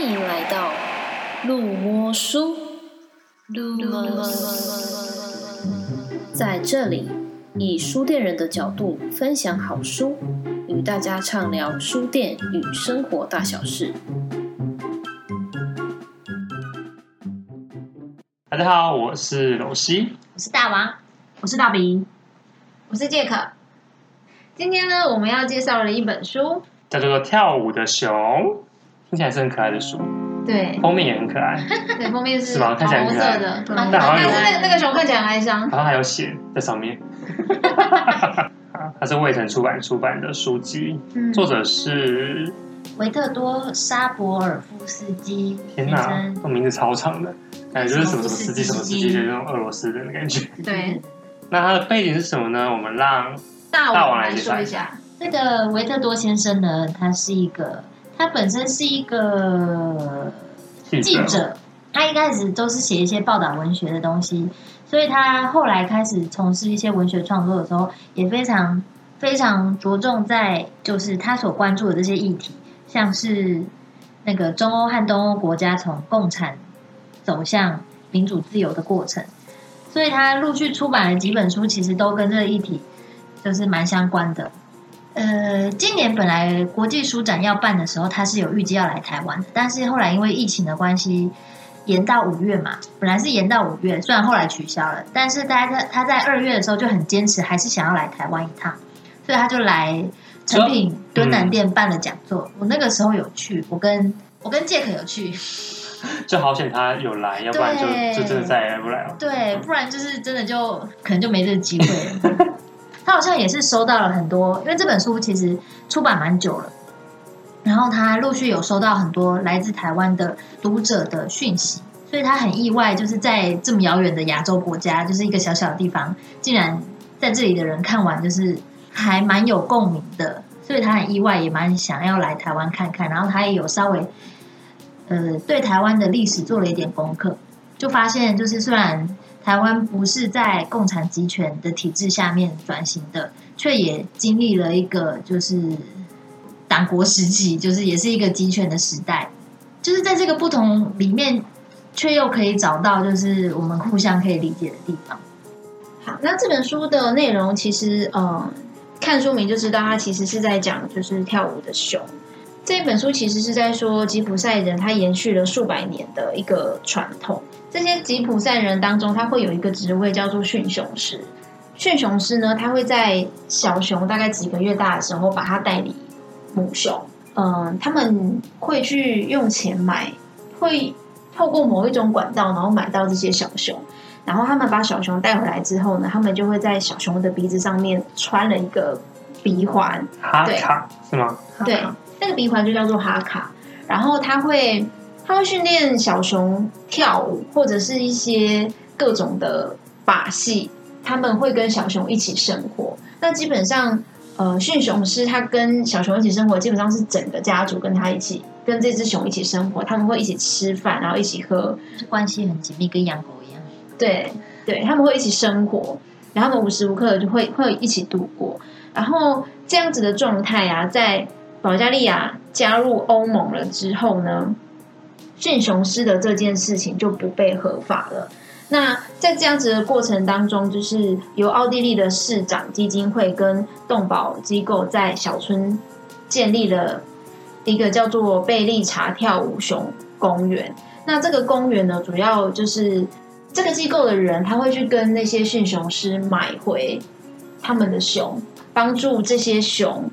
歡迎來到路窩書。路窩，在這裡以書店人的角度分享好書，與大家暢聊書店與生活大小事。大家好，我是羅西，我是大王，我是大餅，我是傑克。今天呢，我們要介紹的一本書叫做《跳舞的熊》。看起來是很可愛的書，對，封面也很可愛。對，封面是是嗎？看起來很可愛。但那個那個熊看起來很悲傷。好像還有寫在上面。它是衛城出版出版的書籍，作者是維特多沙伯爾夫斯基。天哪，名字超長的，感覺就是什麼什麼斯基什麼斯基，就是那種俄羅斯人的感覺。對。那它的背景是什麼呢？我們讓大王來說一下。這個維特多先生呢，他是一個。他本身是一個記者、記者。他一開始都是寫一些報道文學的東西，所以他後來開始從事一些文學創作的時候，也非常非常着重在就是他所關注的這些議題，像是那個中歐和東歐國家從共產走向民主自由的過程，所以他陸續出版了幾本書，其實都跟這個議題就是蠻相關的。呃，今年本來國際書展要辦的時候，他是有預計要來台灣的，但是後來因為疫情的關係，延到五月嘛。本來是延到五月，雖然後來取消了，但是他在他在二月的時候就很堅持，還是想要來台灣一趟，所以他就來誠品敦南店辦了講座。嗯、我那個時候有去，我跟我跟傑克有去，就好險他有來， 對要不然就就真的再也不來了。對，嗯、不然就是真的就可能就沒這個機會了。 他好像也是收到了很多，因為這本書其實出版蠻久了，然後他陸續有收到很多來自台灣的讀者的訊息，所以他很意外，就是在這麼遙遠的亞洲國家，就是一個小小的地方，竟然在這裡的人看完就是還蠻有共鳴的，所以他很意外，也蠻想要來台灣看看，然後他也有稍微呃對台灣的歷史做了一點功課，就發現就是雖然。台灣不是在共產極權的體制下面轉型的，卻也經歷了一個就是黨國時期，就是也是一個極權的時代。就是在這個不同裡面，卻又可以找到就是我們互相可以理解的地方。好，那這本書的內容其實，嗯，看書名就知道，它其實是在講就是跳舞的熊。這本書其實是在說吉普賽人，它延續了數百年的一個傳統。這些吉普賽人當中，他會有一個職位叫做馴熊師。馴熊師呢，他會在小熊大概幾個月大的時候把它帶離母熊。嗯，他們會去用錢買，會透過某一種管道，然後買到這些小熊。然後他們把小熊帶回來之後呢，他們就會在小熊的鼻子上面穿了一個鼻環。哈卡對是嗎？對，卡那個鼻環就叫做哈卡。然後他會。他會訓練小熊跳舞，或者是一些各種的把戲。他們會跟小熊一起生活。那基本上，呃，馴熊師他跟小熊一起生活，基本上是整個家族跟他一起，跟這隻熊一起生活。他們會一起吃飯，然後一起喝，關係很緊密，跟養狗一樣。對對，他們會一起生活，然後他們無時無刻就會會一起度過。然後這樣子的狀態啊，在保加利亞加入歐盟了之後呢，馴熊師的這件事情就不被合法了。那在這樣子的過程當中，就是由奧地利的市長基金會跟動保機構在小村建立了一個叫做貝利查跳舞熊公園。那這個公園呢，主要就是這個機構的人，他會去跟那些馴熊師買回他們的熊，幫助這些熊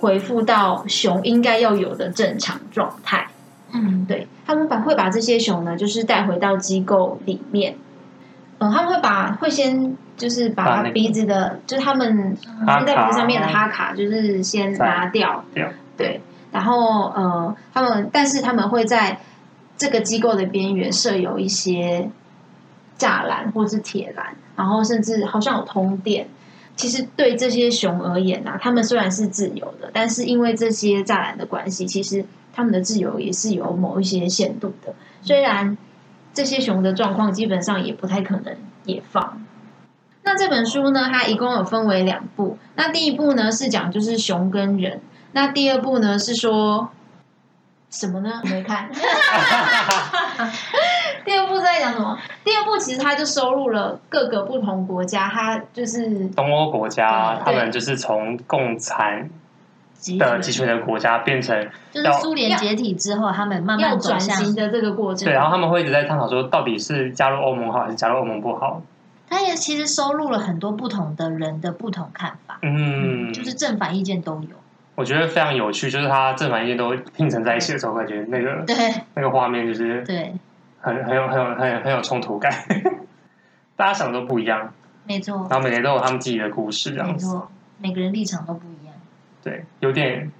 回復到熊應該要有的正常狀態。嗯，對他們把會把這些熊呢，就是帶回到機構裡面。嗯，他們會把會先就是把鼻子的，啊那個、就他們在、啊、鼻子上面的哈卡，就是先拿掉。啊啊、對，然後呃，他們但是他們會在這個機構的邊緣設有一些柵欄或是鐵欄，然後甚至好像有通電。其實對這些熊而言吶、啊，他們雖然是自由的，但是因為這些柵欄的關係，其實。他們的自由也是有某一些限度的，雖然這些熊的狀況基本上也不太可能野放。那這本書呢，它一共有分為兩部。那第一部呢是講就是熊跟人，那第二部呢是說什麼呢？沒看。 第二部在講什麼？第二部其實它就收入了各個不同國家，它就是東歐國家，對他們就是從共產的集權的國家變成，就是蘇聯解體之後，他們慢慢轉型的這個過程。對，然後他們會一直在探討說，到底是加入歐盟好，還是加入歐盟不好？他也其實收錄了很多不同的人的不同看法，嗯，就是正反意見都有。我覺得非常有趣，就是他正反意見都拼成在一起的時候，感覺那個對那個畫面就是對，很很有很有很很有衝突感，大家想的都不一樣，沒錯。然後每個人都有他們自己的故事，這樣子，每個人立場都不一樣。對，有點，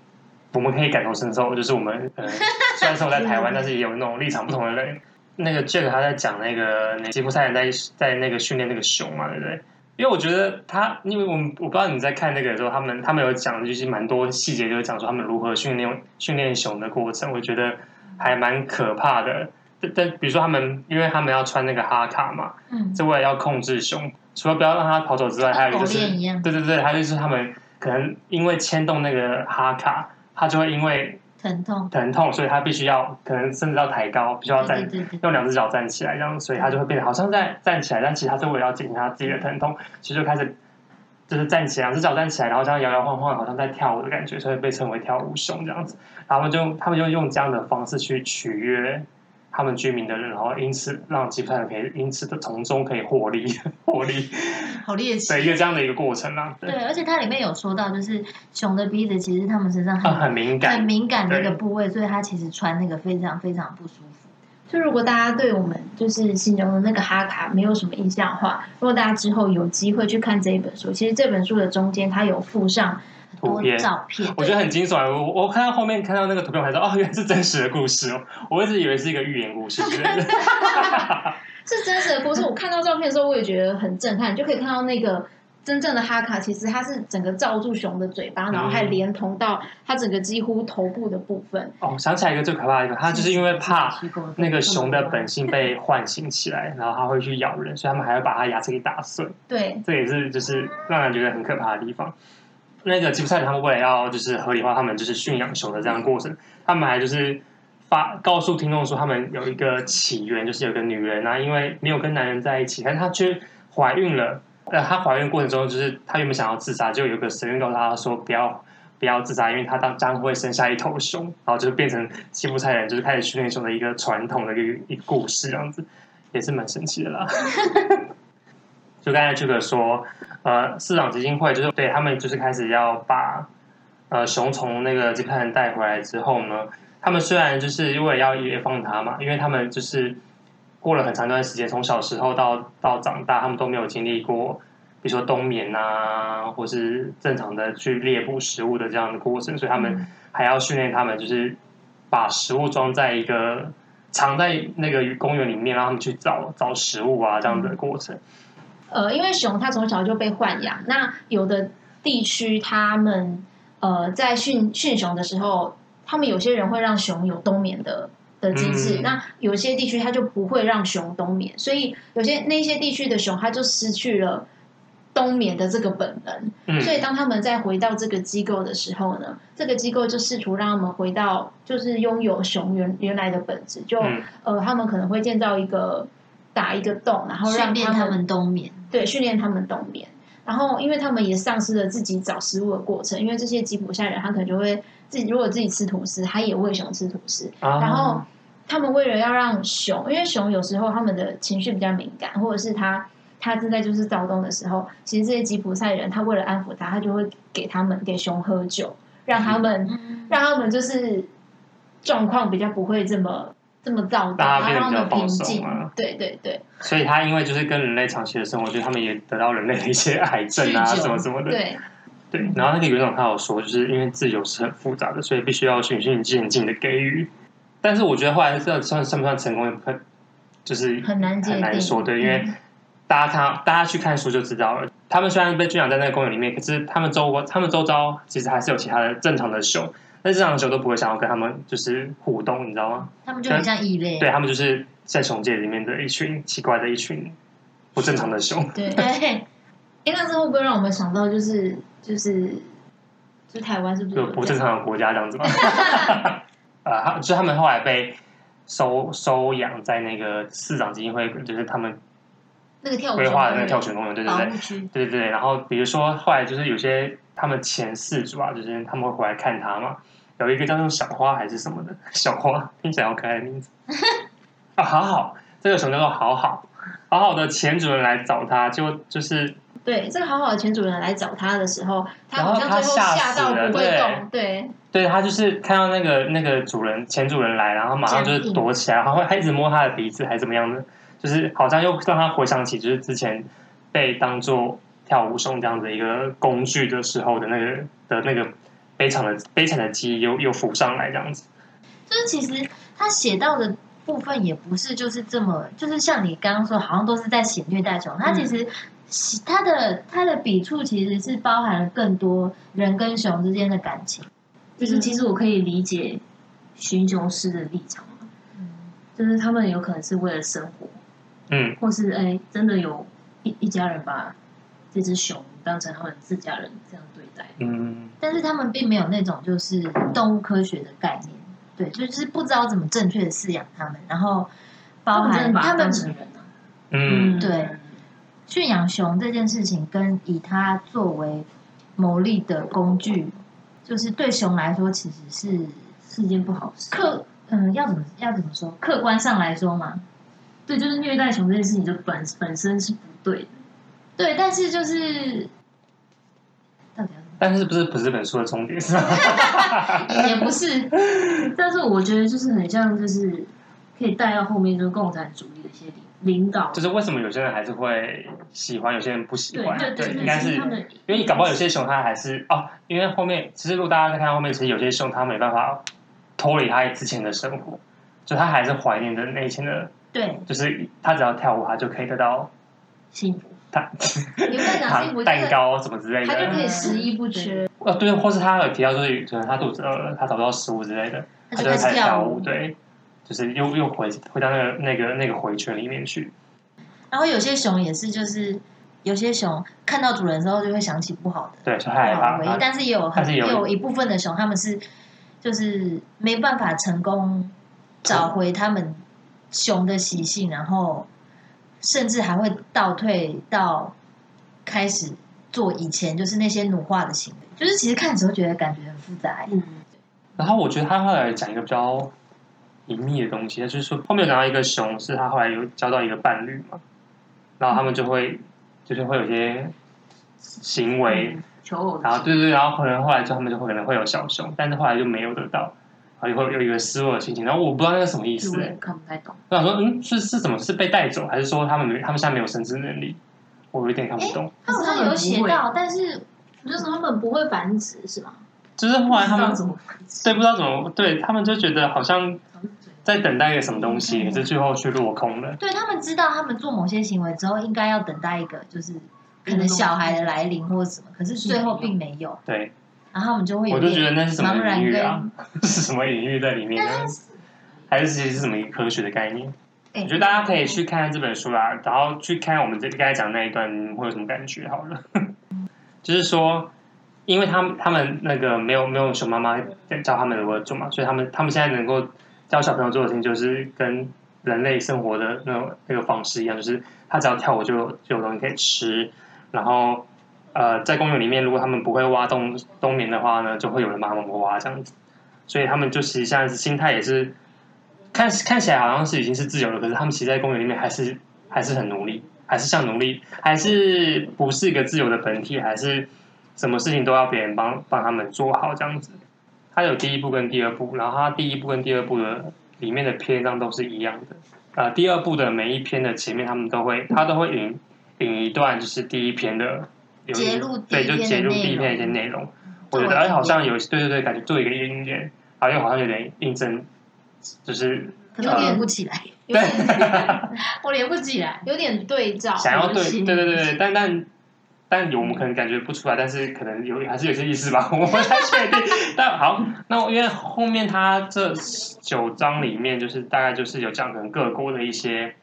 我們可以感同身受，就是我們、呃、雖然說在台灣， 但是也有那種立場不同的人。 那個 Jack 他在講那個那吉普賽人在在那個訓練那個熊嘛，對不對？因為我覺得他，因為我們我不知道你在看那個的時候，他們他們有講的就是蠻多細節，就是講說他們如何訓練訓練熊的過程，我覺得還蠻可怕的。但比如說他們，因為他們要穿那個哈卡嘛，嗯，就為了要控制熊，除了不要讓它跑走之外，嗯、還有一個就是，對對對，還有就是他們。可能因為牽動那個哈卡，他就會因為疼痛，疼痛，所以他必須要可能甚至要抬高，必須要站，對對對對，用兩隻腳站起來這樣，所以他就會變得好像在站起來，但其實他是為了要減輕他自己的疼痛，嗯，其實就開始就是站起來，兩隻腳站起來，然後這樣搖搖晃晃晃，好像在跳舞的感覺，所以被稱為跳舞熊這樣子。然後就他們就用這樣的方式去取悅他們居民的人，然後因此讓吉普賽人可以因此的從中可以獲利，獲利，好獵奇。對，一個這樣的一個過程啊。對對而且它裡面有說到，就是熊的鼻子其實他們身上很、啊、很敏感、很敏感的一個部位，對所以它其實穿那個非常非常不舒服，就如果大家對我們就是心中的那個哈卡沒有什麼印象的話，如果大家之後有機會去看這一本書，其實這本書的中間它有附上很多照片圖片，對我覺得很驚悚。我我看到後面看到那個圖片，我還說哦，原來是真實的故事哦，我一直以為是一個寓言故事。 是真實的故事。 我看到照片的時候，我也覺得很震撼，就可以看到那個。真正的哈卡其實它是整個罩住熊的嘴巴，嗯、然後還連同到它整個幾乎頭部的部分。哦，想起來一個最可怕的地方，它就是因為怕那個熊的本性被喚醒起來， 然後它會去咬人，所以他們還要把它牙齒給打碎。對，這也是就是讓人覺得很可怕的地方。那個吉普賽他們為了要就是合理化他們就是馴養熊的這樣過程，嗯、他們還就是發告訴聽眾說他們有一個起源， 就是有個女人啊，因為沒有跟男人在一起，但是她卻懷孕了。呃，她懷孕過程中就是她原本想要自殺，就有個神韻告訴她說不要不要自殺，因為她當將會生下一頭熊，然後就變成吉普賽人，就是開始訓練熊的一個傳統的一個一個故事這樣子，也是蠻神奇的啦。 就剛才這個說，呃，市長基金會就是對他們就是開始要把呃熊從那個吉普賽人帶回來之後呢，他們雖然就是因為要野放它嘛，因為他們就是。過了很長一段時間，從小時候到到長大，他們都沒有經歷過，比如說冬眠啊，或是正常的去獵捕食物的這樣的過程，所以他們還要訓練他們，就是把食物裝在一個藏在那個公園裡面，讓他們去找找食物啊這樣的過程。呃，因為熊它從小就被豢養，那有的地區他們呃在訓訓熊的時候，他們有些人會讓熊有冬眠的的機制，嗯、那有些地區它就不會讓熊冬眠，所以有些那些地區的熊，它就失去了冬眠的這個本能。嗯、所以當他們再回到這個機構的時候呢，這個機構就試圖讓他們回到就是擁有熊原原來的本質，就、嗯、呃，他們可能會建造一個打一個洞，然後讓他們冬眠，對，訓練他們冬眠。然後因為他們也喪失了自己找食物的過程，因為這些吉普賽人，他可能就會自己如果自己吃吐司，他也餵熊吃吐司，然後。啊他們為了要讓熊，因為熊有時候他們的情緒比較敏感，或者是它它正在就是躁動的時候，其實這些吉普賽人他為了安撫它，他就會給他們給熊喝酒，讓他們、嗯、讓他們就是狀況比較不會這麼這麼躁動，大家變得比較平靜，讓他們平靜。啊、對對對。所以，他因為就是跟人類長期的生活，就他們也得到人類的一些癌症啊、啊，什麼什麼的。對。對。然後那個園長他有說，就是因為自由是很複雜的，所以必須要循序漸進的給予。但是我覺得後來算算算不算成功，也不太，就是很難解決，很難說的，因為大家看大家去看書就知道了。他們雖然被圈養在那個公園裡面，可是他們周他們周遭其實還是有其他的正常的熊，但是正常的熊都不會想要跟他們就是互動，你知道嗎？他們就很像異類，對他們就是在熊界裡面的一群奇怪的一群不正常的熊。對對，哎、 欸，那這會不會讓我們想到就是就是，就台灣是不是有不正常的國家這樣子嘛？ 啊、呃，就他們後來被收收養在那個市長基金會，就是他們規劃的那個跳泉公園，對對對，哦、對對對。然後比如說後來就是有些他們前飼主啊，就是他們會回來看他嘛。有一個叫做小花還是什麼的小花，聽起來好可愛的名字 啊，好好，這個什麼叫做好好好好的前主人來找他，就就是。對，這個好好的前主人來找他的時候，他，他好像最後嚇到不會動。對，對，對，對他就是看到那個那個主人前主人來，然後馬上就是躲起來，然後他一直摸他的鼻子，還是怎麼樣的，就是好像又讓他回想起就是之前被當做跳舞熊這樣子一個工具的時候的那個的那個悲慘的悲慘的記憶又又浮上來這樣子。就是其實他寫到的部分也不是就是這麼，就是像你剛剛說，好像都是在寫虐待熊，他其實、嗯。其他的它的筆觸其實是包含了更多人跟熊之間的感情，就是其實我可以理解馴熊師的立場嘛，嗯、就是他們有可能是為了生活，嗯，或是哎、欸、真的有一一家人把這隻熊當成他們自家人這樣對待，嗯，但是他們並沒有那種就是動物科學的概念，對，就是不知道怎麼正確的飼養他們，然後包含他們人嗯，嗯，對。馴養熊這件事情，跟以它作為牟利的工具，就是對熊來說其實是一件不好事。客嗯，要怎麼要怎麼說？客觀上來說嘛，對，就是虐待熊這件事情就本本身是不對的。對，但是就是，到底要？但是不是不是本書的重點是嗎？也不是。但是我覺得就是很像，就是可以帶到後面，就是共產主義的一些點。領導，就是為什麼有些人還是會喜歡，有些人不喜歡。對，應該是因為你搞不好有些熊它還是哦，因為後面其實如果大家看後面，其實有些熊它沒辦法脫離它之前的生活，就它還是懷念着那以前的。對。就是它只要跳舞，它就可以得到幸福。它有蛋糕、蛋糕什麼之類的，它就可以食衣不缺。哦，對，或是它有提到就是，可能它肚子餓了，它找不到食物之類的，它就會開始跳舞。對。就是又又回回到那個那個那個迴圈裡面去，然後有些熊也是，就是有些熊看到主人之後就會想起不好的，對，傷害的回憶，但是也有，還是有也有一部分的熊，他們是就是沒辦法成功找回他們熊的習性，嗯，然後甚至還會倒退到開始做以前就是那些奴化的行為。就是其實看的時候覺得感覺很複雜、欸。嗯，然後我覺得他後來講一個比較。隱秘的東西，就是說後面有找到一個熊，是他後來有交到一個伴侶嘛，然後他們就會、嗯、就是會有一些行為、嗯、求偶的行為，然後對對，然後可能後來就他們就會可能會有小熊，但是後來就沒有得到，然後又會有一個失落的心情，然後我不知道那個什麼意思、欸，看不太懂。我想說，嗯，是是怎麼是被帶走，還是說他們沒他們現在沒有生殖能力？我有點看不懂。欸、他好像有寫到，但是、嗯、就是他們不會繁殖是嗎？就是後來他們不繁殖對，不知道怎麼對他們就覺得好像。在等待一個什麼東西，嗯、也是最後卻落空了。對，他們知道，他們做某些行為之後，應該要等待一個，就是可能小孩的來臨或者什麼，嗯、可是最後並沒有。嗯、對，然後他們就會有，我都覺得那是什麼隱喻啊？媽媽是什麼隱喻在裡面呢？是還是其實是什麼一科學的概念？欸、我覺得大家可以去看看這本書啦、啊，嗯、然後去看我們這剛才講的那一段會有什麼感覺。好了， 就是說，因為他們他們那個沒有沒有熊媽媽在教他們如何做嘛，所以他們他們現在能夠。教小朋友做的事情就是跟人類生活的那種那個方式一樣，就是他只要跳舞就有就有東西可以吃，然後呃在公園裡面，如果他們不會挖洞，冬眠的話呢，就會有人幫他們挖這樣子。所以他們就其實是現在心態也是看看起來好像是已經是自由了，可是他們其實在公園裡面還是還是很奴隸，還是像奴隸，還是不是一個自由的本體，還是什麼事情都要別人幫幫他們做好這樣子。它有第一部跟第二部，然後它第一部跟第二部的裡面的篇章都是一樣的。啊、呃，第二部的每一篇的前面，他們都會，它都會引引一段，就是第一篇的。接入第一篇的內容。我覺得哎，好像有對對對，感覺做一個音樂好像好像有點印證，就是可能連不起來。對，我連不起來，有點對照。想要對對對對，但但。但有我們可能感覺不出來，但是可能有還是有些意思吧，我們不確定。 但好，那因為後面他這九章裡面，就是大概就是有講可能各國的一些，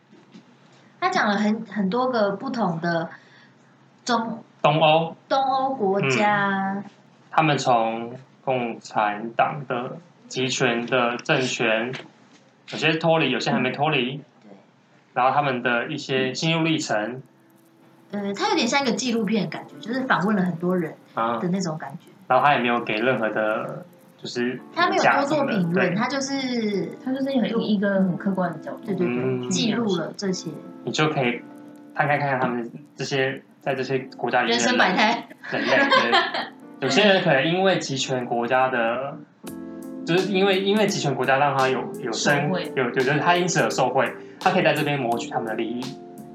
他講了很很多個不同的中東歐歐東歐國家，嗯、他們從共產黨的集權的政權，有些脫離，有些還沒脫離，對然後他們的一些心路歷程。嗯呃，他有點像一個紀錄片的感覺，就是訪問了很多人的那種感覺。啊、然後他也沒有給任何的，對就是他沒有多做評論對他，就是，他就是他就是用一個很客觀的角度，對對對，嗯、記錄了這些。你就可以大概看看他們這些對在這些國家裡面的人，人生百態，很累。 有些人可能因為集權國家的，就是因為因為集權國家讓他有有生惠有有人，就是，他因此而受賄，他可以在這邊謀取他們的利益，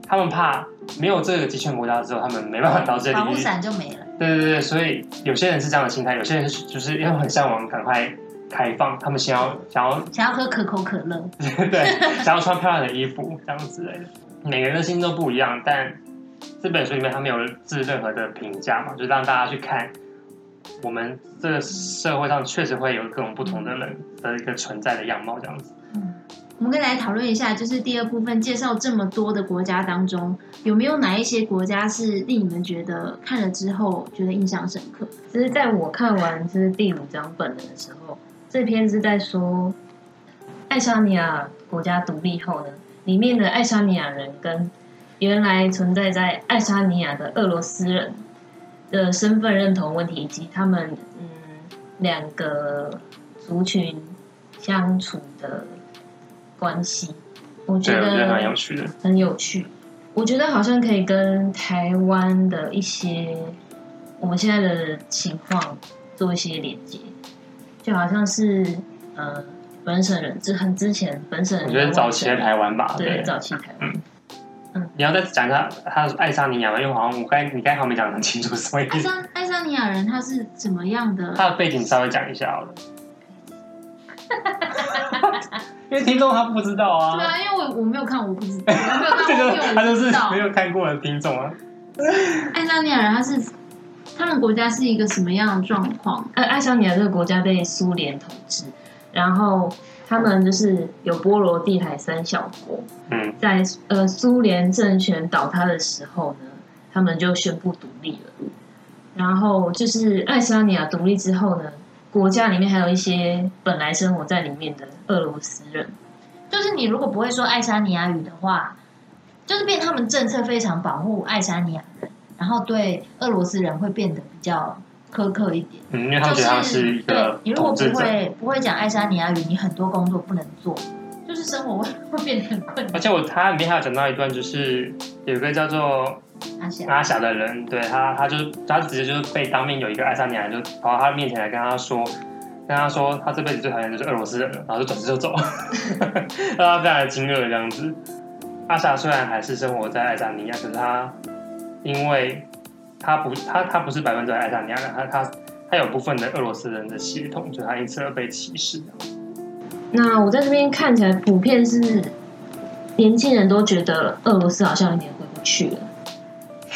他們怕。沒有這個極權國家之後，他們沒辦法到這裡。保護傘就沒了。對對對，所以有些人是這樣的心態，有些人就是因為很嚮往趕快開放，他們想要想要想要喝可口可樂，對， 想要穿漂亮的衣服 這樣子。每個人的心都不一樣，但這本書裡面他沒有置任何的評價嘛，就讓大家去看我們這個社會上確實會有各種不同的人的一個存在的樣貌這樣子。我們可以來討論一下，就是第二部分介紹這麼多的國家當中，有沒有哪一些國家是令你們覺得看了之後覺得印象深刻？其實在我看完這是第五章本文的時候，這篇是在說愛沙尼亞國家獨立後呢，裡面的愛沙尼亞人跟原來存在在愛沙尼亞的俄羅斯人的身份認同問題，以及他們嗯兩個族群相處的。關係，我覺得蠻有趣的，很有趣。我覺得好像可以跟台灣的一些我們現在的情況做一些連接，就好像是呃，本省人，這很之前本省人，我覺得早期的台灣吧，對，對，早期台灣。嗯，嗯，你要再講一下，他愛沙尼亞，因為我好像我剛你剛才好像沒講得很清楚，什麼意思？愛沙愛沙尼亞人他是怎麼樣的？他的背景稍微講一下好了。 因為聽眾他不知道啊，對啊，因為我我沒有看，我不知道、啊，他就是沒有看過的聽眾啊。愛沙尼亞人他是他們國家是一個什麼樣的狀況？愛愛、嗯呃、愛沙尼亞這個國家被蘇聯統治，嗯、然後他們就是有波羅的海三小國。嗯，在呃蘇聯政權倒塌的時候呢，他們就宣布獨立了。然後就是愛沙尼亞獨立之後呢，國家裡面還有一些本來生活在裡面的。俄羅斯人，就是你如果不會說愛沙尼亞語的話，就是變他們政策非常保護愛沙尼亞人，然後對俄羅斯人會變得比較苛刻一點。嗯，因為他覺得他是一個、就是、對，你如果不會不會講愛沙尼亞語，你很多工作不能做，就是生活會會變得很困難。而且我他裡面還有講到一段，就是有個叫做阿霞阿霞的人，對他，他就他直接就是被當面有一個愛沙尼亞人就跑到他面前來跟他說。跟他說，他這輩子最討厭就是俄羅斯人，然後就轉身就走，讓 他非常的驚愕這樣子。阿霞雖然還是生活在愛沙尼亞，可是他因為他不他他不是百分之百愛沙尼亞的，他他他有部分的俄羅斯人的血統，就他因此而被歧視。那我在這邊看起來，普遍是年輕人都覺得俄羅斯好像有點回不去了，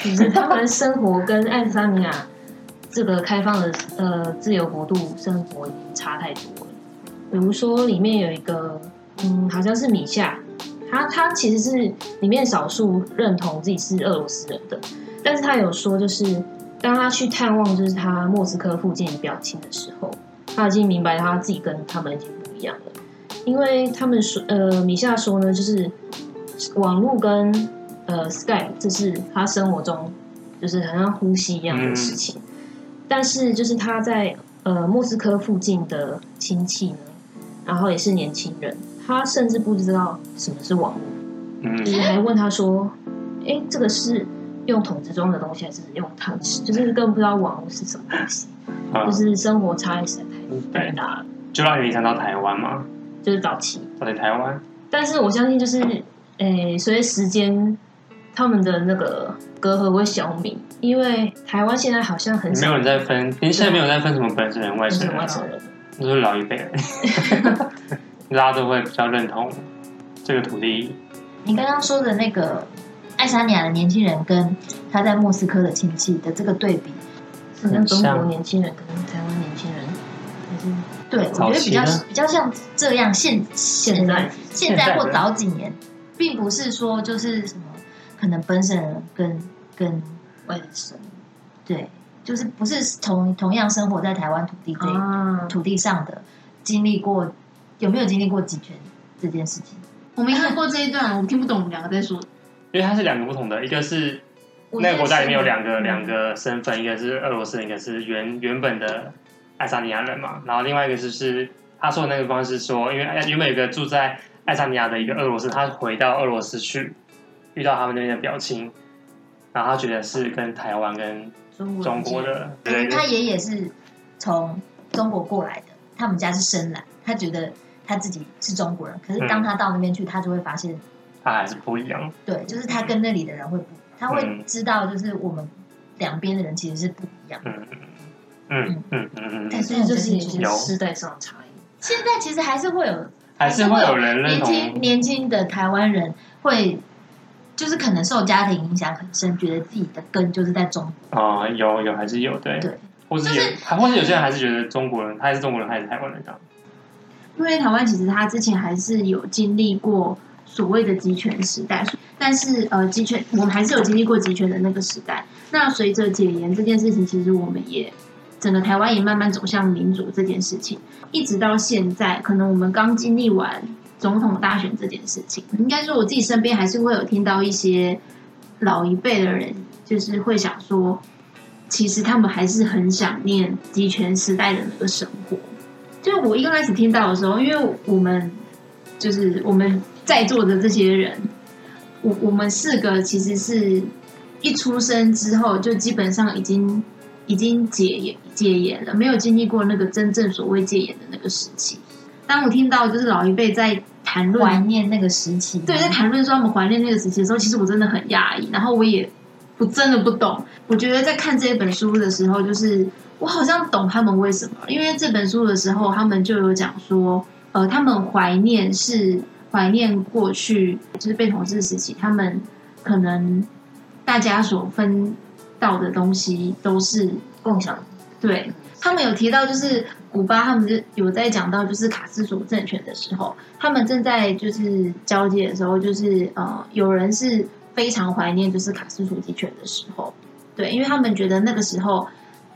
就 是他們的生活跟愛沙尼亞這個開放的呃自由國度生活。差太多了。比如說，裡面有一個，嗯，好像是米夏，他他其實是裡面少數認同自己是俄羅斯人的，但是他有說，就是當他去探望就是他莫斯科附近的表親的時候，他已經明白他自己跟他們已經不一樣了，因為他們說，呃，米夏說呢，就是網絡跟呃 Skype，這是他生活中就是好像呼吸一樣的事情，嗯，但是就是他在。呃，莫斯科附近的親戚，然後也是年輕人，他甚至不知道什麼是網絡，嗯，就我還問他說：“哎，這個是用桶子裝的東西，還是用湯匙？對就是根本不知道網絡是什麼東西，對就是生活差異實在太太大了。”就讓你想到台灣嗎？就是早期，到台灣，但是我相信就是，哎，隨着時間，他們的那個隔閡會消弭因為台灣現在好像很少，沒有人在分，您。對現在沒有在分什麼本省人、人、啊、人、外省人，都是老一輩人， 大家都會比較認同這個土地。您剛剛說的那個愛沙尼亞的年輕人跟他在莫斯科的親戚的這個對比，是跟中國年輕人跟台灣年輕人，像對，我覺得比較比較像這樣。現現在現在、現在或早幾年，並不是說就是什麼可能本省人跟跟。為什麼？對，就是不是同同樣生活在台灣土地對，啊、土地上的，經歷過有沒有經歷過極權這件事情？我沒看過這一段，唉我聽不懂我們兩個在說。因為它是兩個不同的，一個是那個國家裡面有兩個兩個身份，一個是俄羅斯人，一個是原原本的愛沙尼亞人嘛。然後另外一個就是他說的那個方式說，說因為原本有個住在愛沙尼亞的一個俄羅斯，他回到俄羅斯去遇到他們那邊的表情。然後他覺得是跟台灣、跟中國的，對他爺爺是從中國過來的，他們家是深藍。他覺得他自己是中國人，可是當他到那邊去，嗯、他就會發現他還是不一樣。對，就是他跟那裡的人會不一樣，嗯、他會知道，就是我們兩邊的人其實是不一樣嗯嗯嗯嗯嗯，嗯但是就是有時代上的差異，有現在其實還是會有，還是會有人會有年輕年輕的台灣人會。就是可能受家庭影響很深，覺得自己的根就是在中國。啊、哦，有有還是有，對。對。或是有，就是、或是有些人還是覺得中國人，他還是中國人，他還是台灣人這樣。因為台灣其實他之前還是有經歷過所謂的集權時代，但是呃集權我們還是有經歷過集權的那個時代。那隨着解嚴這件事情，其實我們也整個台灣也慢慢走向民主這件事情，一直到現在，可能我們剛經歷完。總統大選這件事情，應該說我自己身邊還是會有聽到一些老一輩的人，就是會想說，其實他們還是很想念極權時代的那個生活。就我一開始聽到的時候，因為我們就是我們在座的這些人，我我們四個其實是一出生之後就基本上已經已經戒嚴戒嚴了，沒有經歷過那個真正所謂戒嚴的那個時期。當我聽到就是老一輩在談論懷念那個時期，對，在談論說他們懷念那個時期的時候，其實我真的很壓抑，然後我也我真的不懂。我覺得在看這本書的時候，就是我好像懂他們為什麼，因為這本書的時候，他們就有講說，呃，他們懷念是懷念過去，就是被統治時期，他們可能大家所分到的東西都是共享。對，他們有提到就是。古巴他們就有在講到，就是卡斯楚政權的時候，他們正在就是交接的時候，就是呃，有人是非常懷念就是卡斯楚集權的時候，對，因為他們覺得那個時候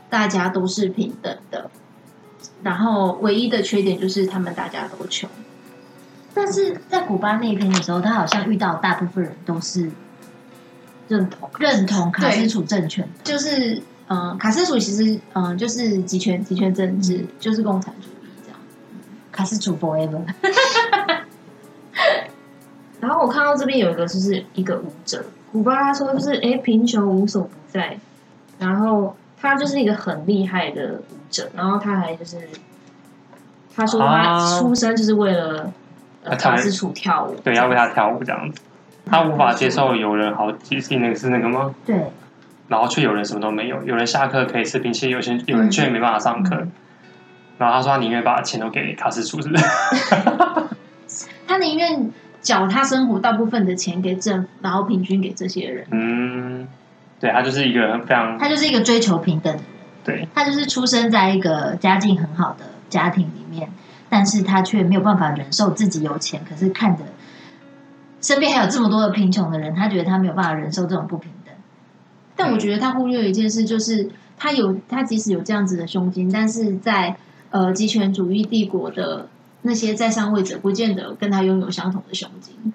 大家都是平等的，然後唯一的缺點就是他們大家都窮。但是在古巴那邊的時候，他好像遇到大部分人都是認同認同卡斯楚政權，就是。嗯，卡斯楚其實嗯就是集權集權政治，嗯、就是共產主義這樣。嗯、卡斯楚 f o 然後我看到這邊有一個就是一個舞者，古巴他說就是誒貧窮無所不在，然後他就是一個很厲害的舞者，然後他還就是他說他出生就是為了、啊呃、卡斯楚跳舞，對，要為他跳舞這樣子。他無法接受有人好奇心，那個是那個嗎？對。然後卻有人什麼都沒有，有人下課可以吃冰淇淋，並且有些有人卻沒辦法上課。嗯嗯、然後他說他寧願把錢都給卡斯楚，是不是？他寧願繳他生活大部分的錢給政府，然後平均給這些人。嗯，對他就是一個非常，他就是一個追求平等的人。對，他就是出生在一個家境很好的家庭裡面，但是他卻沒有辦法忍受自己有錢，可是看着身邊還有這麼多的貧窮的人，他覺得他沒有辦法忍受這種不平。但我覺得他忽略一件事，就是他有他即使有這樣子的胸襟，但是在呃極權主義帝國的那些在上位者，不見得跟他擁有相同的胸襟。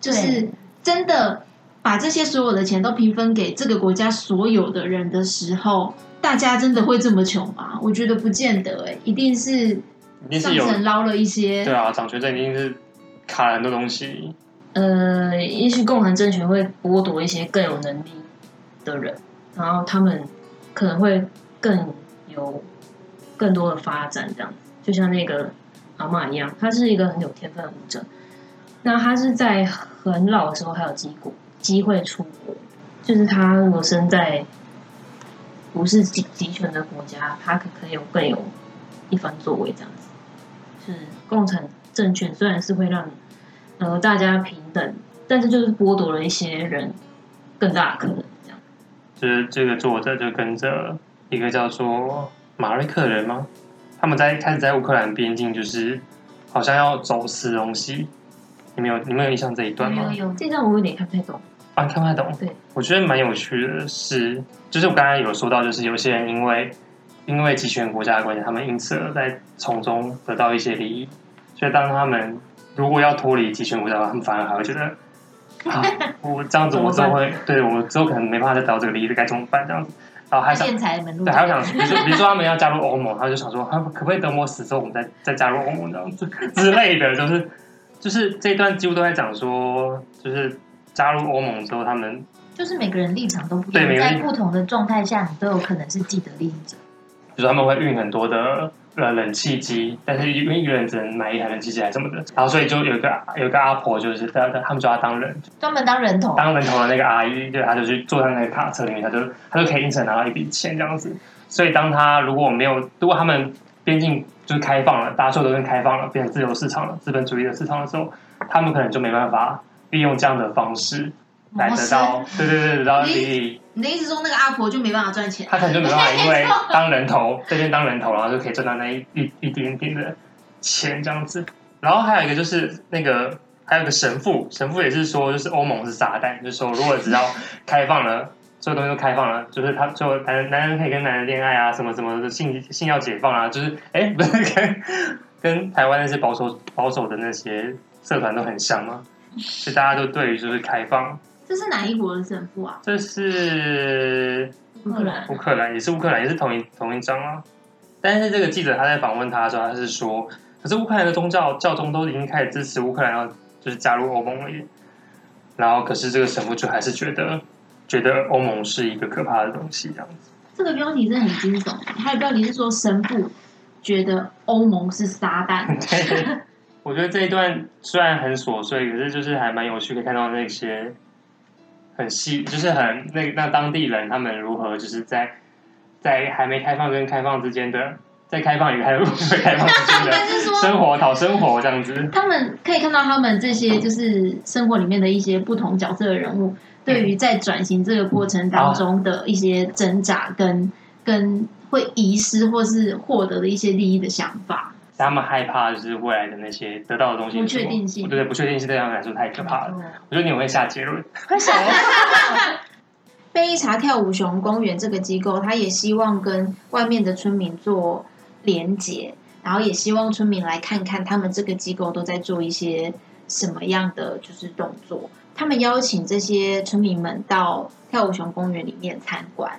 就是真的把這些所有的錢都平分給這個國家所有的人的時候，大家真的會這麼窮嗎？我覺得不見得，欸，哎，一定是上層撈了一些，一對啊，掌權者一定是卡了很多東西。呃，也許共產政權會剝奪一些更有能力的人，然後他們可能會更有更多的發展，這樣子，就像那個阿瑪一樣，他是一個很有天分的舞者。那他是在很老的時候還有機會機會出國，就是他如果生在不是極、極權的國家，他可以有更有一番作為，這樣子。就是共產政權雖然是會讓呃大家平等，但是就是剝奪了一些人更大的可能。就是這個作者就跟着一個叫做馬瑞克的人嗎？他們在開始在烏克蘭邊境，就是好像要走私東西。你沒有，你沒有印象這一段嗎？沒有，有，這一段我有點看不太懂。啊，看不太懂。對，我覺得蠻有趣的，是就是我剛才有說到，就是有些人因為因為集權國家的關係，他們因此而在從中得到一些利益。所以當他們如果要脫離集權國家的話，他們反而還會覺得。啊，我這樣子，我之後會對我之後可能沒辦法再得到這個利益，該怎麼辦？這樣子，然後還想對，還有想比如說，比如說他們要加入歐盟，他就想說，他、啊、可不可以等我死之後，我們再再加入歐盟這樣子之類的，就是就是這一段幾乎都在講說，就是加入歐盟之後，他們就是每個人立場都不對，在不同的狀態下，你都有可能是既得利益者，比如說他們會運很多的。呃，冷氣機，但是因為一個人只能買一台冷氣機，還是什麼的？然後所以就有一個，有個阿婆，就是他們叫她當人，專門當人頭，當人頭的那個阿姨，就她就去坐在那個卡車裡面，她就她就可以因此拿到一筆錢這樣子。所以，當她如果我沒有，如果他們邊境就是開放了，大家說都是開放了，變成自由市場了，資本主義的市場的時候，他們可能就沒辦法利用這樣的方式，來得到、哦、是對對對，得到的利益。然後你你的意思說，那個阿婆就沒辦法賺錢，她可能就沒辦法因為當人頭 這邊當人頭，然後就可以賺到那一一一點點的錢這樣子。然後還有一個就是那個還有個神父，神父也是說就是歐盟是炸彈，就是、說如果只要開放了，所有 東西都開放了，就是他就男男人可以跟男人戀愛啊，什麼什麼的性性要解放啊，就是哎不是跟跟台灣那些保守保守的那些社團都很像嗎？所以大家都對於就是開放。這是哪一國的神父啊？這是烏克蘭，烏克蘭也是烏克蘭，也是同一同一張啊。但是這個記者他在訪問他的時候，他是說，可是烏克蘭的宗教教宗都已經開始支持烏克蘭要就是加入歐盟了。然後可是這個神父就還是覺得覺得歐盟是一個可怕的東西這樣子。這個標題真的很驚悚。還有標題是說神父覺得歐盟是撒旦。 對，我覺得這一段雖然很瑣碎，可是就是還蠻有趣，可以看到那些。很細，就是很那那當地人他們如何就是在在還沒開放跟開放之間的，在開放與開放之間的生活討 說生活這樣子。他們可以看到他們這些就是生活裡面的一些不同角色的人物，嗯、對於在轉型這個過程當中的一些掙扎跟、哦、跟會遺失或是獲得的一些利益的想法。他們害怕就是未來的那些得到的東西是不確定性，對不對？不確定性對他們來說太可怕了。嗯嗯嗯、我覺得你會下結論，會下。哈，哈，哈，哈。貝利察跳舞熊公園這個機構，他也希望跟外面的村民做連結，然後也希望村民來看看他們這個機構都在做一些什麼樣的就是動作。他們邀請這些村民們到跳舞熊公園裡面參觀，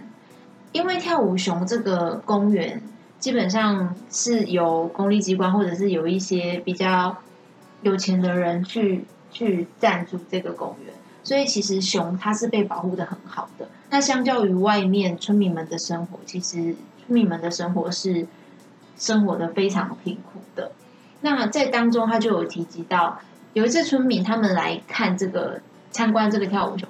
因為跳舞熊這個公園。基本上是由公立機關或者是有一些比較有錢的人去去贊助這個公園，所以其實熊它是被保護的很好的。那相較於外面村民們的生活，其實村民們的生活是生活的非常貧苦的。那在當中，他就有提及到有一次村民他們來看這個參觀這個跳舞熊，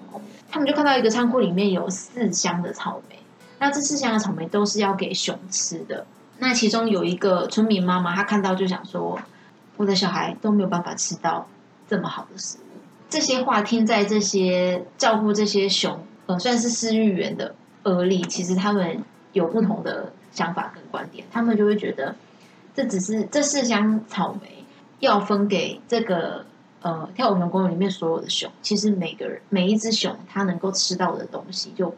他們就看到一個倉庫裡面有四箱的草莓，那這四箱的草莓都是要給熊吃的。那其中有一個村民媽媽，她看到就想說：“我的小孩都沒有辦法吃到這麼好的食物。”這些話聽在這些照顧這些熊，呃，算是飼育員的耳裡，其實他們有不同的想法跟觀點。他們就會覺得，這只是這四箱草莓要分給這個呃，跳舞熊公園裡面所有的熊。其實每個人每一只熊，它能夠吃到的東西就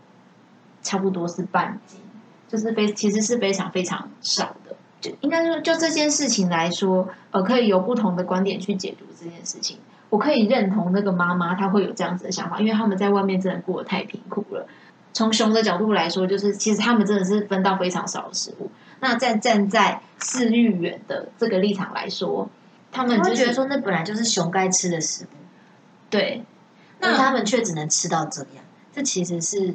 差不多是半斤。就是非其實是非常非常少的，對，應該就應該說，就這件事情來說，呃，可以由不同的觀點去解讀這件事情。我可以認同那個媽媽，她會有這樣子的想法，因為他們在外面真的過得太貧苦了。從熊的角度來說，就是其實他們真的是分到非常少的食物。嗯、那站站在飼育員的這個立場來說，他們就覺得說，那本來就是熊該吃的食物，對，那他們卻只能吃到這樣，這其實是。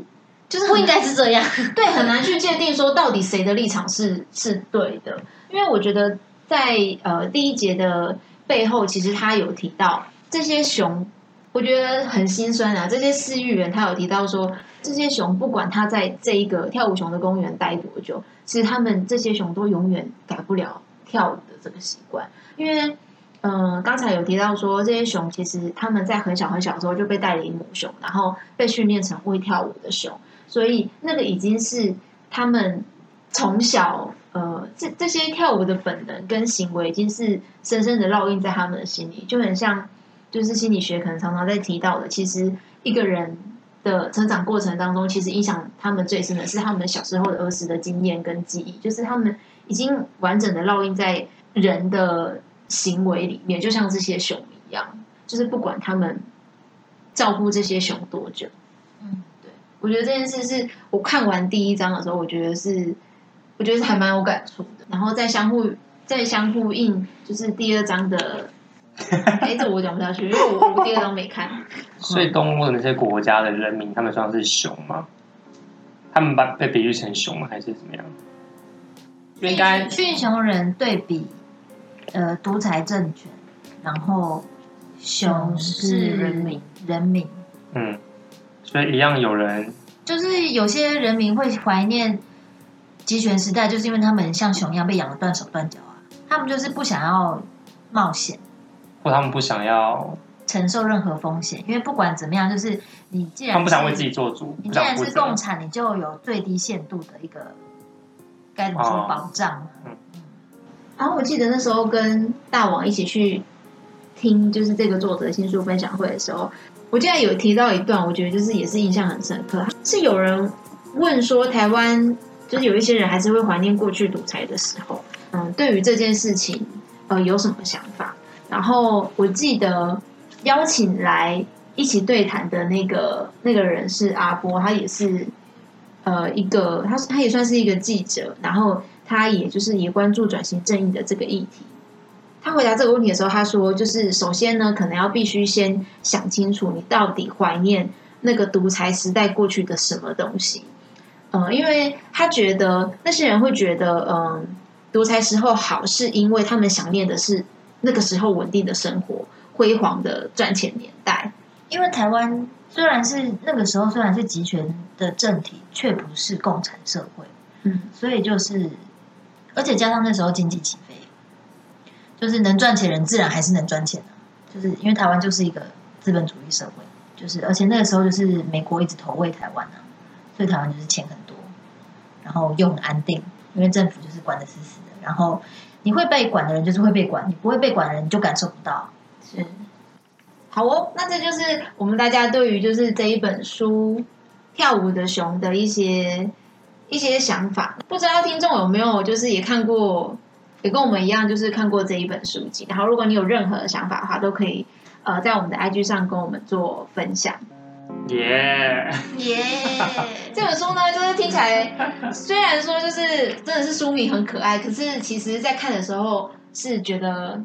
就是不應該是這樣， 對，很難去界定說到底誰的立場是是對的。因為我覺得在呃第一節的背後，其實他有提到這些熊，我覺得很心酸啊。這些飼育員他有提到說，這些熊不管它在這一個跳舞熊的公園待多久，其實他們這些熊都永遠改不了跳舞的這個習慣。因為嗯，剛、呃、才有提到說，這些熊其實他們在很小很小的時候就被帶離母熊，然後被訓練成會跳舞的熊。所以，那個已經是他們從小，呃，這這些跳舞的本能跟行為，已經是深深的烙印在他們的心裡，就很像就是心理學可能常常在提到的，其實一個人的成長過程當中，其實影響他們最深的是他們小時候的兒時的經驗跟記憶，就是他們已經完整的烙印在人的行為裡面，就像這些熊一樣，就是不管他們照顧這些熊多久。嗯。我覺得這件事是我看完第一章的時候，我覺得是，我覺得是還蠻有感觸的。然後再相互再相互印，就是第二章的，哎、 欸，這我講不下去，因為我我第二章沒看。 所以東歐的 那些國家的人民，他們算是熊嗎？他們把被比喻成熊嗎？還是怎麼樣？應該馴熊人對比，呃，獨裁政權，然後熊是人民，人民，嗯。所以一樣有人，就是有些人民會懷念極權時代，就是因為他們像熊一樣被養的斷手斷腳啊。他們就是不想要冒險，或他們不想要承受任何風險，因為不管怎麼樣，就是你既然他們不想為自己做主，你既然是共產，你就有最低限度的一個該怎麼說保障。然後、哦嗯啊、我記得那時候跟大王一起去聽就是這個作者新書分享會的時候。我現在有提到一段，我覺得就是也是印象很深刻，是有人問說台灣就是有一些人還是會懷念過去獨裁的時候，嗯，對於這件事情呃有什麼想法？然後我記得邀請來一起對談的那個那個人是阿波，他也是呃一個他他也算是一個記者，然後他也就是也關注轉型正義的這個議題。他回答這個問題的時候，他說：“就是首先呢，可能要必須先想清楚，你到底懷念那個獨裁時代過去的什麼東西？嗯，因為他覺得那些人會覺得，嗯，獨裁時候好，是因為他們想念的是那個時候穩定的生活、輝煌的賺錢年代。因為台灣雖然是那個時候雖然是集權的政體，卻不是共產社會，嗯，所以就是，而且加上那時候經濟起飛。”就是能賺錢人自然還是能賺錢的啊，就是因為台灣就是一個資本主義社會，就是而且那個時候就是美國一直投餵台灣啊，所以台灣就是錢很多，然後又很安定，因為政府就是管得死死的。然後你會被管的人就是會被管，你不會被管的人你就感受不到啊。是，好哦，那這就是我們大家對於就是這一本書《跳舞的熊》的一些一些想法，不知道聽眾有沒有就是也看過。也跟我們一樣，就是看過這一本書籍。然後，如果你有任何想法的話，都可以呃在我們的 IG 上跟我們做分享。耶耶！這本書呢，就是聽起來雖然說就是真的是書名很可愛，可是其實，在看的時候是覺得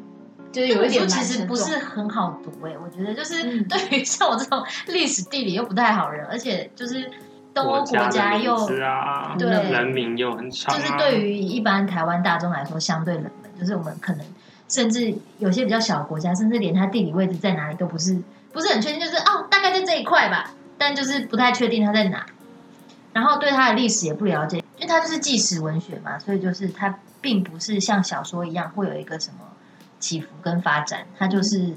就是有一點其實不是很好讀。誒，我覺得就是對於像我這種歷史地理又不太好的人，而且就是。東歐國家、啊、又，對人民又很少、啊。就是對於一般台灣大眾來說，相對冷門。就是我們可能甚至有些比較小的國家，甚至連它地理位置在哪裡都不是不是很確定。就是哦，大概在這一塊吧，但就是不太確定它在哪。然後對它的歷史也不了解，因為它就是紀實文學嘛，所以就是它並不是像小說一樣會有一個什麼起伏跟發展，嗯、它就是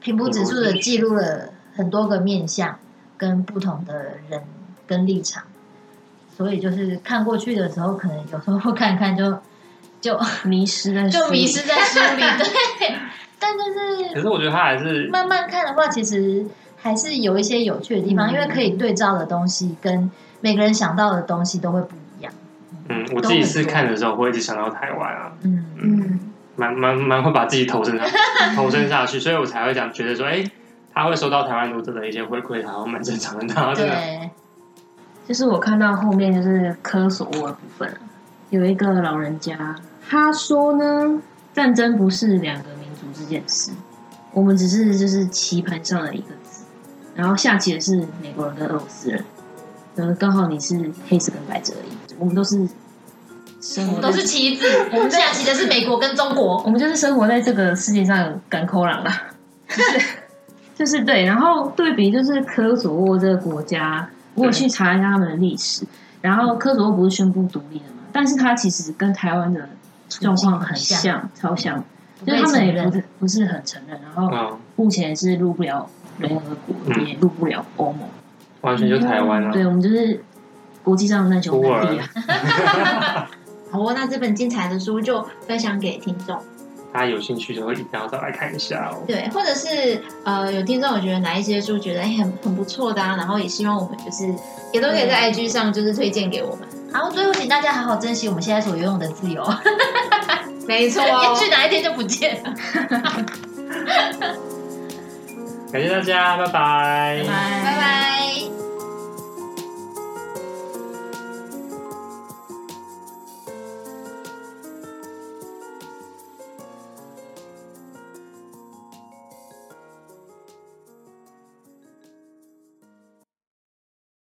平鋪直述的記錄了很多個面向跟不同的人。跟立場，所以就是看過去的時候，可能有時候看看就就迷失在就迷失在書裡， 對。但就是，可是我覺得他還是慢慢看的話，其實還是有一些有趣的地方，嗯、因為可以對照的東西跟每個人想到的東西都會不一樣。嗯，我自己是看的時候，我會一直想到台灣啊，嗯嗯，蠻蠻蠻會把自己投身上， 投身下去，所以我才會講，覺得說，哎、欸，他會收到台灣讀者的一些回饋，還蠻正常的，然後。對就是我看到後面就是科索沃的部分，有一個老人家，他說呢，戰爭不是兩個民族之間的事，我們只是就是棋盤上的一個子，然後下棋的是美國人跟俄羅斯人，然後剛好你是黑子跟白子而已，我們都是生活、嗯、都是棋子，我們 對下棋的是美國跟中國， 我們就是生活在這個世界上趕扣狼了，就是 就是對，然後對比就是科索沃這個國家。我去查一下他們的歷史，對然後科索沃不是宣布獨立了嗎？但是他其實跟台灣的狀況很像，像超像，嗯、就是他們也人不，不是很承認，然後目前是入不了聯合國，嗯、也入不了歐盟，嗯、為完全就台灣啊。對，我們就是國際上的那就無立。好，那這本精彩的書就分享給聽眾。大家有興趣就會一定要再來看一下哦、喔。對，或者是呃，有聽眾，我覺得哪一些書覺得哎、欸、很很不錯的、啊，然後也希望我們就是也都可以在 IG 上就是推薦給我們。然後最後請大家好好珍惜我們現在所擁有的自由， 沒錯、哦，也許哪一天就不見了。 感謝大家，拜拜，拜拜 bye。Bye bye